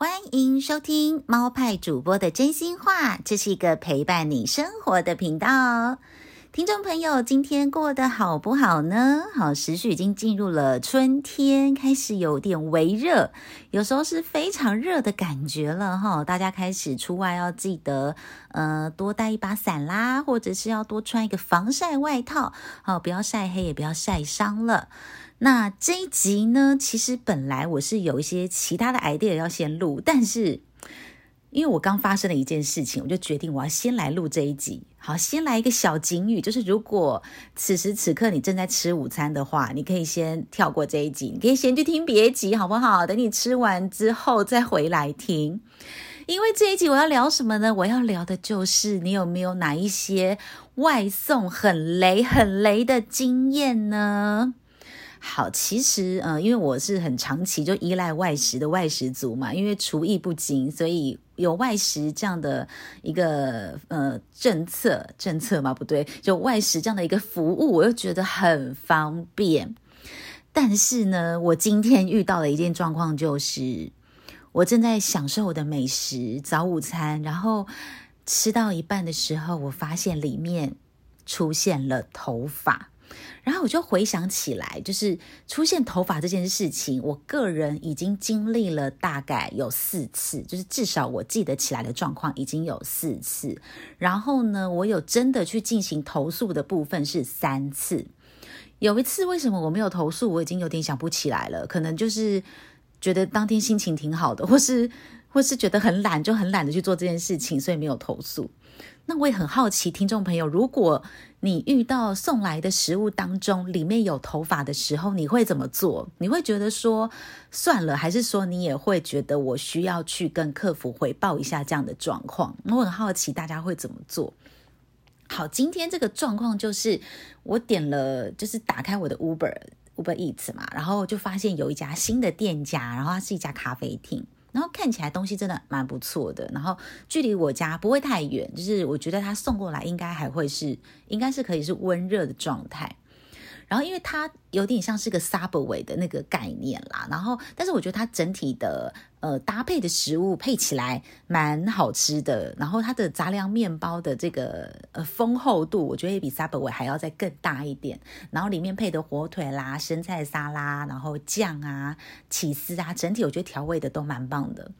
歡迎收聽貓派主播的真心話，這是一個陪伴你生活的頻道。聽眾朋友，今天過得好不好呢？好，時序已經進入了春天，開始有點微熱，有時候是非常熱的感覺了。哈，大家開始出外要記得，呃，多帶一把傘啦，或者是要多穿一個防曬外套，好，不要曬黑，也不要曬傷了。那這一集呢，其實本來我是有一些其他的 idea 要先錄，但是因為我剛發生了一件事情，我就決定我要先來錄這一集。好，先來一個小警語，就是如果此時此刻你正在吃午餐的話，你可以先跳過這一集，你可以先去聽別集，好不好？等你吃完之後再回來聽。因為這一集我要聊什麼呢？我要聊的就是你有沒有哪一些外送很雷、很雷的經驗呢？好，其實，嗯、呃，因為我是很長期就依賴外食的外食族嘛，因為廚藝不精，所以有外食這樣的一個，呃，政策政策嘛，不對，就外食這樣的一個服務，我又覺得很方便。但是呢，我今天遇到的一件狀況，就是我正在享受我的美食早午餐，然後吃到一半的時候，我發現裡面出現了頭髮。然後我就回想起來，就是出現頭髮這件事情，我個人已經經歷了大概有四次，就是至少我記得起來的狀況已經有四次。然後呢，我有真的去進行投訴的部分是三次。有一次為什麼我沒有投訴，我已經有點想不起來了，可能就是覺得當天心情挺好的，或是。或是覺得很懶，就很懶得去做這件事情，所以沒有投訴。那我也很好奇，聽眾朋友，如果你遇到送來的食物當中裡面有頭髮的時候，你會怎麼做？你會覺得說算了，還是說你也會覺得我需要去跟客服回報一下這樣的狀況？那我很好奇大家會怎麼做。好，今天這個狀況就是我點了，就是打開我的 Uber Uber Eats 嘛，然後就發現有一家新的店家，然後它是一家咖啡廳。然後看起來東西真的蠻不錯的，然後距離我家不會太遠，就是我覺得他送過來應該還會是，應該是可以是溫熱的狀態，然後因為他。有點像是個 Subway 的那個概念啦，然後但是我覺得它整體的呃搭配的食物配起來蠻好吃的，然後它的雜糧麵包的這個呃豐厚度，我覺得也比 Subway 還要再更大一點，然後裡面配的火腿啦、生菜沙拉，然後醬啊、起司啊，整體我覺得調味的都蠻棒的。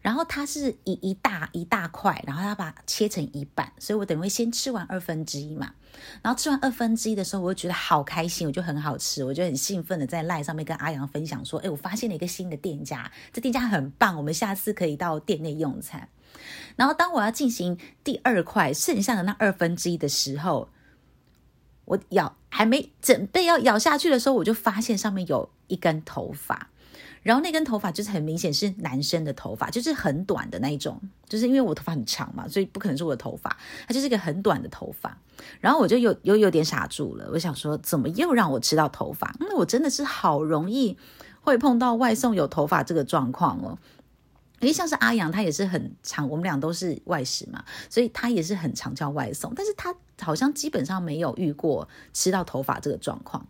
然後它是一一大一大塊，然後它把它切成一半，所以我等會先吃完二分之一嘛，然後吃完二分之一的時候，我就覺得好開心，我就很好吃。我就很興奮的在賴上面跟阿陽分享說，哎、欸，我發現了一個新的店家，這店家很棒，我們下次可以到店內用餐。然後當我要進行第二塊，剩下的那二分之一的時候，我咬，還沒準備要咬下去的時候，我就發現上面有一根頭髮。然後那根頭髮就是很明顯是男生的頭髮，就是很短的那一種。就是因為我頭髮很長嘛，所以不可能是我的頭髮，它就是一個很短的頭髮。然後我就又又，又有點傻住了，我想說怎麼又讓我吃到頭髮？那、嗯、我真的是好容易會碰到外送有頭髮這個狀況哦。因為像是阿陽他也是很常，我們倆都是外食嘛，所以他也是很常叫外送，但是他。好像基本上沒有遇過吃到頭髮這個狀況，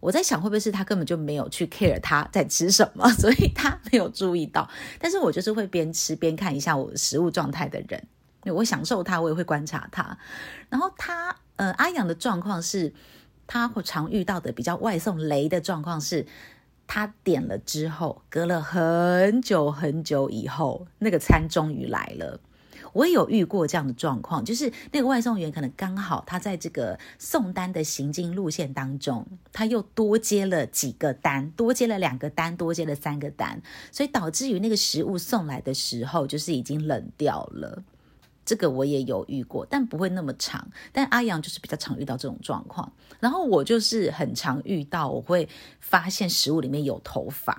我在想會不會是他根本就沒有去 care 他在吃什麼，所以他沒有注意到。但是我就是會邊吃邊看一下我食物狀態的人，我享受他，我也會觀察他。然後他，呃，阿陽的狀況是他常遇到的比較外送雷的狀況是，他點了之後，隔了很久很久以後，那個餐終於來了。我也有遇過這樣的狀況，就是那個外送員可能剛好他在這個送單的行進路線當中，他又多接了幾個單，多接了兩個單，多接了三個單，所以導致於那個食物送來的時候，就是已經冷掉了。這個我也有遇過，但不會那麼長。但阿陽就是比較常遇到這種狀況，然後我就是很常遇到，我會發現食物裡面有頭髮。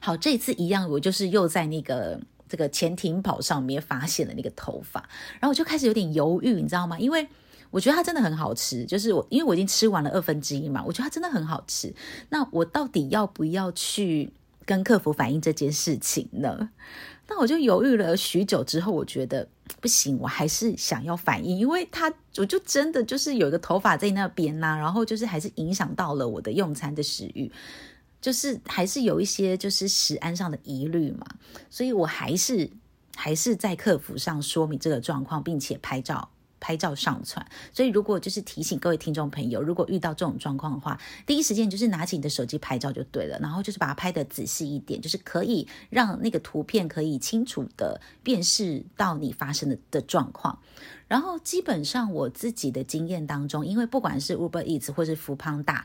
好，這一次一樣，我就是又在那個。這個潛艇堡上面發現了那個頭髮，然後我就開始有點猶豫，你知道嗎？因為我覺得它真的很好吃，就是我因為我已經吃完了二分之一嘛，我覺得它真的很好吃。那我到底要不要去跟客服反映這件事情呢？那我就猶豫了許久之後，我覺得不行，我還是想要反映，因為它我就真的就是有一個頭髮在那邊啦、啊，然後就是還是影響到了我的用餐的食慾。就是還是有一些就是食安上的疑慮嘛，所以我還是還是在客服上說明這個狀況，並且拍照拍照上傳。所以如果就是提醒各位聽眾朋友，如果遇到這種狀況的話，第一時間就是拿起你的手機拍照就對了，然後就是把它拍得仔細一點，就是可以讓那個圖片可以清楚地辨識到你發生的的狀況。然後基本上我自己的經驗當中，因為不管是 Uber Eats 或是 Foodpanda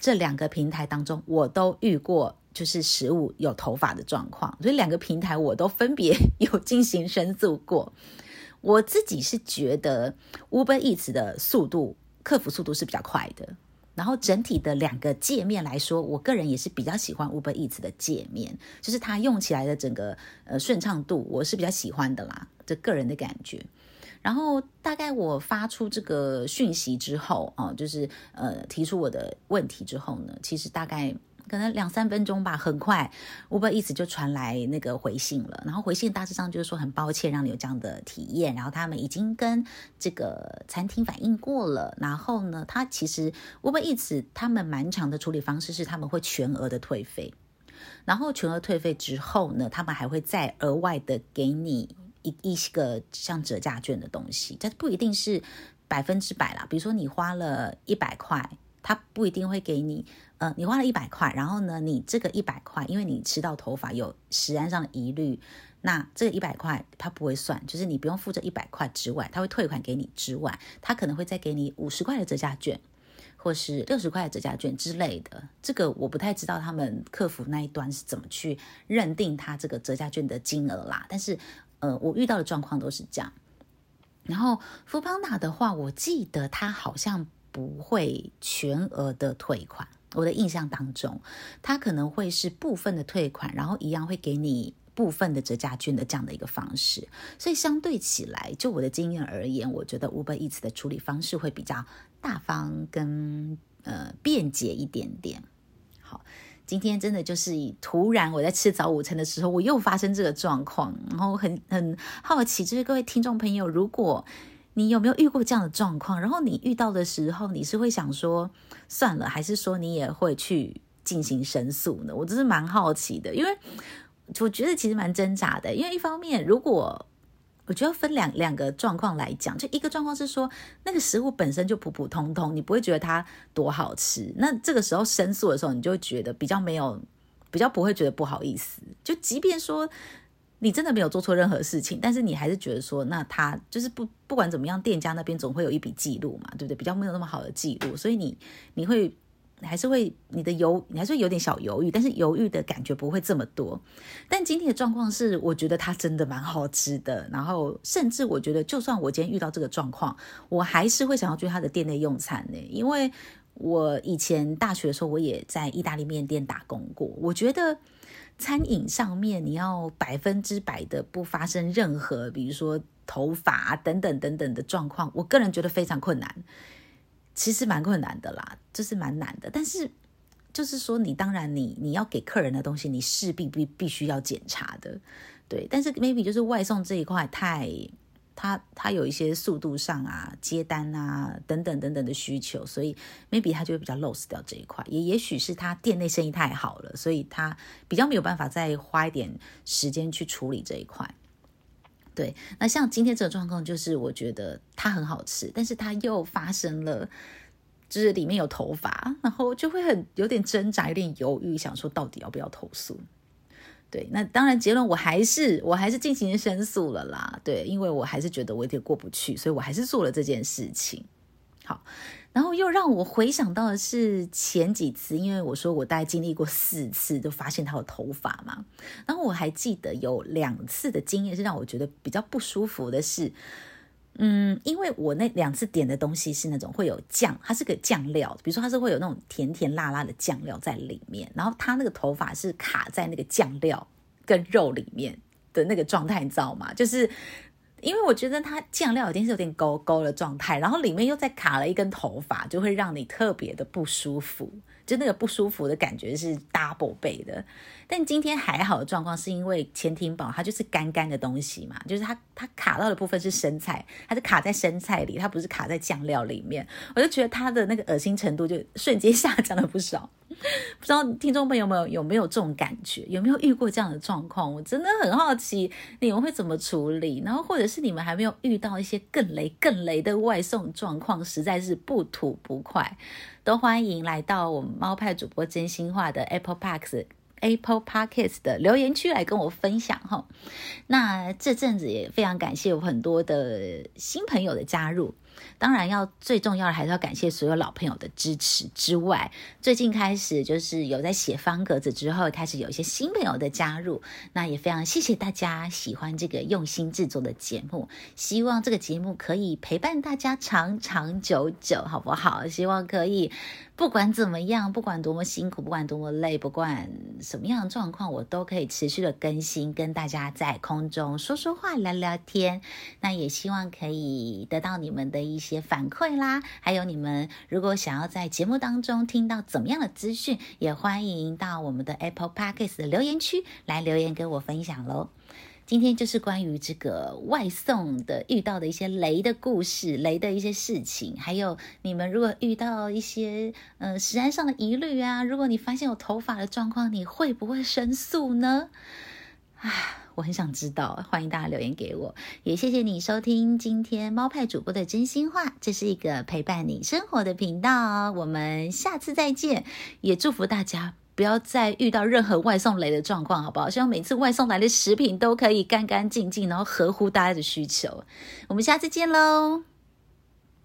這兩個平台當中，我都遇過，就是食物有頭髮的狀況，所以兩個平台我都分別有進行申訴過。我自己是覺得 Uber Eats 的速度，客服速度是比較快的。然後整體的兩個界面來說，我個人也是比較喜歡 Uber Eats 的界面，就是它用起來的整個呃順暢度，我是比較喜歡的啦，這個人的感覺。然後大概我發出這個訊息之後啊，就是呃提出我的問題之後呢，其實大概可能兩三分鐘吧，很快 Uber Eats 就傳來那個回信了。然後回信大致上就是說很抱歉讓你有這樣的體驗，然後他們已經跟這個餐廳反映過了。然後呢，他其實 Uber Eats 他們蠻常的處理方式是他們會全額的退費，然後全額退費之後呢，他們還會再額外的給你。一一個像折價券的東西，它不一定是百分之百啦。比如說你花了一百塊，它不一定會給你。呃，你花了一百塊，然後呢，你這個一百塊，因為你吃到頭髮有食安上的疑慮，那這個一百塊它不會算，就是你不用付這一百塊之外，它會退款給你之外，它可能會再給你五十塊的折價券，或是六十塊的折價券之類的。這個我不太知道他們客服那一端是怎麼去認定它這個折價券的金額啦，但是。呃，我遇到的狀況都是這樣。然後，foodpanda 的話，我記得它好像不會全額的退款，我的印象當中，它可能會是部分的退款，然後一樣會給你部分的折價券的這樣的一個方式。所以，相對起來，就我的經驗而言，我覺得 Uber Eats 的處理方式會比較大方跟呃便捷一點點。好。今天真的就是以突然，我在吃早午餐的時候，我又發生這個狀況，然後很很好奇，就是各位聽眾朋友，如果你有沒有遇過這樣的狀況，然後你遇到的時候，你是會想說算了，還是說你也會去進行申訴呢？我真是蠻好奇的，因為我覺得其實蠻掙扎的，因為一方面如果。我覺得分兩兩個狀況來講，就一個狀況是說，那個食物本身就普普通通，你不會覺得它多好吃。那這個時候申訴的時候，你就會覺得比較沒有，比較不會覺得不好意思。就即便說你真的沒有做錯任何事情，但是你還是覺得說，那他就是不不管怎麼樣，店家那邊總會有一筆記錄嘛，對不對？比較沒有那麼好的記錄，所以你你會。還是會你的猶，你還是會有點小猶豫，但是猶豫的感覺不會這麼多。但今天的狀況是，我覺得它真的蠻好吃的。然後，甚至我覺得，就算我今天遇到這個狀況，我還是會想要去他的店內用餐呢、欸。因為，我以前大學的時候，我也在意大利麵店打工過。我覺得，餐飲上面你要百分之百的不發生任何，比如說頭髮等等等等的狀況，我個人覺得非常困難。其實蠻困難的啦，就是蠻難的。但是就是說，你當然你你要給客人的東西，你勢必必必須要檢查的，對。但是 maybe 就是外送這一塊太，他他有一些速度上啊、接單啊等等等等的需求，所以 maybe 他就會比較 lose 掉這一塊。也也許是他店內生意太好了，所以他比較沒有辦法再花一點時間去處理這一塊。對，那像今天這個狀況，就是我覺得它很好吃，但是它又發生了，就是裡面有頭髮，然後就會很有點掙扎，有點猶豫，想說到底要不要投訴。對，那當然結論我還是我還是進行申訴了啦。對，因為我還是覺得我有點過不去，所以我還是做了這件事情。好。然後又讓我回想到的是前幾次，因為我說我大概經歷過四次，就發現他的頭髮嘛。然後我還記得有兩次的經驗是讓我覺得比較不舒服的是，嗯，因為我那兩次點的東西是那種會有醬，它是個醬料，比如說它是會有那種甜甜辣辣的醬料在裡面，然後它那個頭髮是卡在那個醬料跟肉裡面的那個狀態，你知道嗎？就是。因為我覺得它醬料已經是有點勾勾的狀態，然後裡面又再卡了一根頭髮，就會讓你特別的不舒服。就那個不舒服的感覺是 double 倍的。但今天還好的狀況是因為潛艇堡，它就是乾乾的東西嘛，就是它它卡到的部分是生菜，它是卡在生菜裡，它不是卡在醬料裡面。我就覺得它的那個惡心程度就瞬間下降了不少。不知道聽眾朋友們有沒有，有沒有這種感覺，有沒有遇過這樣的狀況？我真的很好奇你們會怎麼處理，然後或者是你們還沒有遇到一些更雷、更雷的外送狀況，實在是不吐不快，都歡迎來到我們貓派主播真心話的 Apple Park's Apple Podcast 的留言區來跟我分享哈。那這陣子也非常感謝有很多的新朋友的加入。當然，要最重要的還是要感謝所有老朋友的支持之外，最近開始就是有在寫方格子之後，開始有一些新朋友的加入。那也非常謝謝大家喜歡這個用心制作的節目。希望這個節目可以陪伴大家長長久久，好不好？希望可以。不管怎麼樣，不管多麼辛苦，不管多麼累，不管什麼樣的狀況，我都可以持續的更新，跟大家在空中說說話、聊聊天。那也希望可以得到你們的一些反饋啦。還有你們如果想要在節目當中聽到怎麼樣的資訊，也歡迎到我們的 Apple Podcast 的留言區來留言跟我分享嘍。今天就是關於這個外送的遇到的一些雷的故事，雷的一些事情，還有你們如果遇到一些嗯、呃、食安上的疑慮啊，如果你發現有頭髮的狀況，你會不會申訴呢？啊，我很想知道，歡迎大家留言給我，也謝謝你收聽今天貓派主播的真心話，這是一個陪伴你生活的頻道，我們下次再見，也祝福大家。不要再遇到任何外送雷的狀況，好不好？希望每次外送來的食品，都可以乾乾淨淨，然後合乎大家的需求。我們下次見嘍。